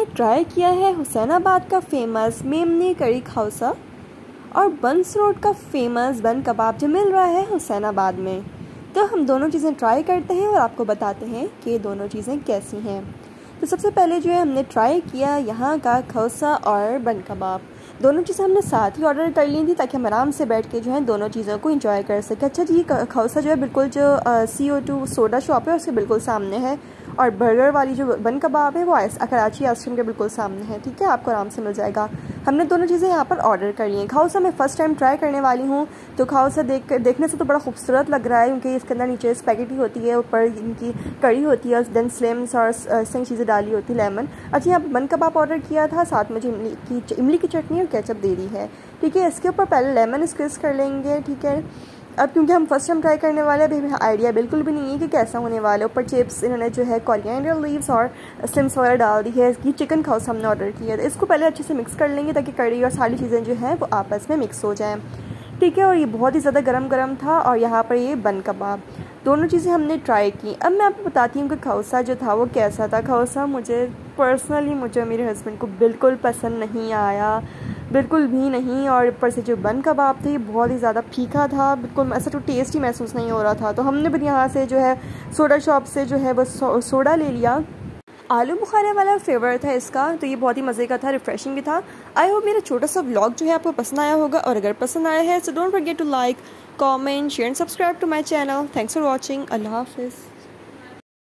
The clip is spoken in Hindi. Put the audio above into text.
मैंने ट्राई किया है हुसैनाबाद का फेमस मेमनी करी खाउसा और बंस रोड का फेमस बन कबाब जो मिल रहा है हुसैनाबाद में तो हम दोनों चीज़ें ट्राई करते हैं और आपको बताते हैं कि दोनों चीज़ें कैसी हैं तो सबसे पहले जो है हमने ट्राई किया यहाँ का खौसा और बन कबाब दोनों चीज़ें हमने साथ ही ऑर्डर कर ली थी ताकि हम आराम से बैठ के जो है दोनों चीज़ों को इंजॉय कर सकें अच्छा जी ये खौसा जो है बिल्कुल जो C O two soda shop है उसके बिल्कुल सामने है और बर्गर वाली जो बन कबाब है वो आइस कराची आइसक्रीम के बिल्कुल सामने है ठीक है आपको आराम से मिल जाएगा हमने दोनों चीज़ें यहाँ पर ऑर्डर करी हैं खाउसा मैं फ़र्स्ट टाइम ट्राई करने वाली हूँ तो खाउसा देख देखने से तो बड़ा खूबसूरत लग रहा है क्योंकि इसके अंदर नीचे स्पैगेटी होती है ऊपर इनकी कड़ी होती है और देन स्लेम्स और सही uh, चीज़ें डाली होती है लेमन अच्छा यहाँ पर बन कबाब ऑर्डर किया था साथ में जो इमली की इमली की चटनी और कैचअप दे दी है ठीक है इसके ऊपर पहले लेमन स्क्रिस कर लेंगे ठीक है अब क्योंकि हम फर्स्ट टाइम ट्राई करने वाले अभी आइडिया बिल्कुल भी नहीं है कि कैसा होने वाला है ऊपर चिप्स इन्होंने जो है कॉरियडर लीव्स और स्टिम्स वगैरह डाल दी है इसकी चिकन खाउस हमने ऑर्डर किया था इसको पहले अच्छे से मिक्स कर लेंगे ताकि कड़ी और सारी चीज़ें जो हैं वो आपस में मिक्स हो जाएँ ठीक है और ये बहुत ही ज़्यादा गर्म गर्म था और यहाँ पर ये बन कबाब दोनों चीज़ें हमने ट्राई की अब मैं आपको बताती हूँ कि खौसा जो था वो कैसा था खौसा मुझे पर्सनली मुझे मेरे हस्बैंड को बिल्कुल पसंद नहीं आया बिल्कुल भी नहीं और ऊपर से जो बन कबाब थे बहुत ही ज़्यादा फीका था बिल्कुल ऐसा तो टेस्ट ही महसूस नहीं हो रहा था तो हमने भी यहाँ से जो है सोडा शॉप से जो है वो सो, सोडा ले लिया आलू बुखारे वाला फ्लेवर था इसका तो ये बहुत ही मज़े का था रिफ्रेशिंग भी था आई होप मेरा छोटा सा ब्लॉग जो है आपको पसंद आया होगा और अगर पसंद आया है so don't forget to like comment share and subscribe to my channel thanks for watching अल्लाह हाफिज़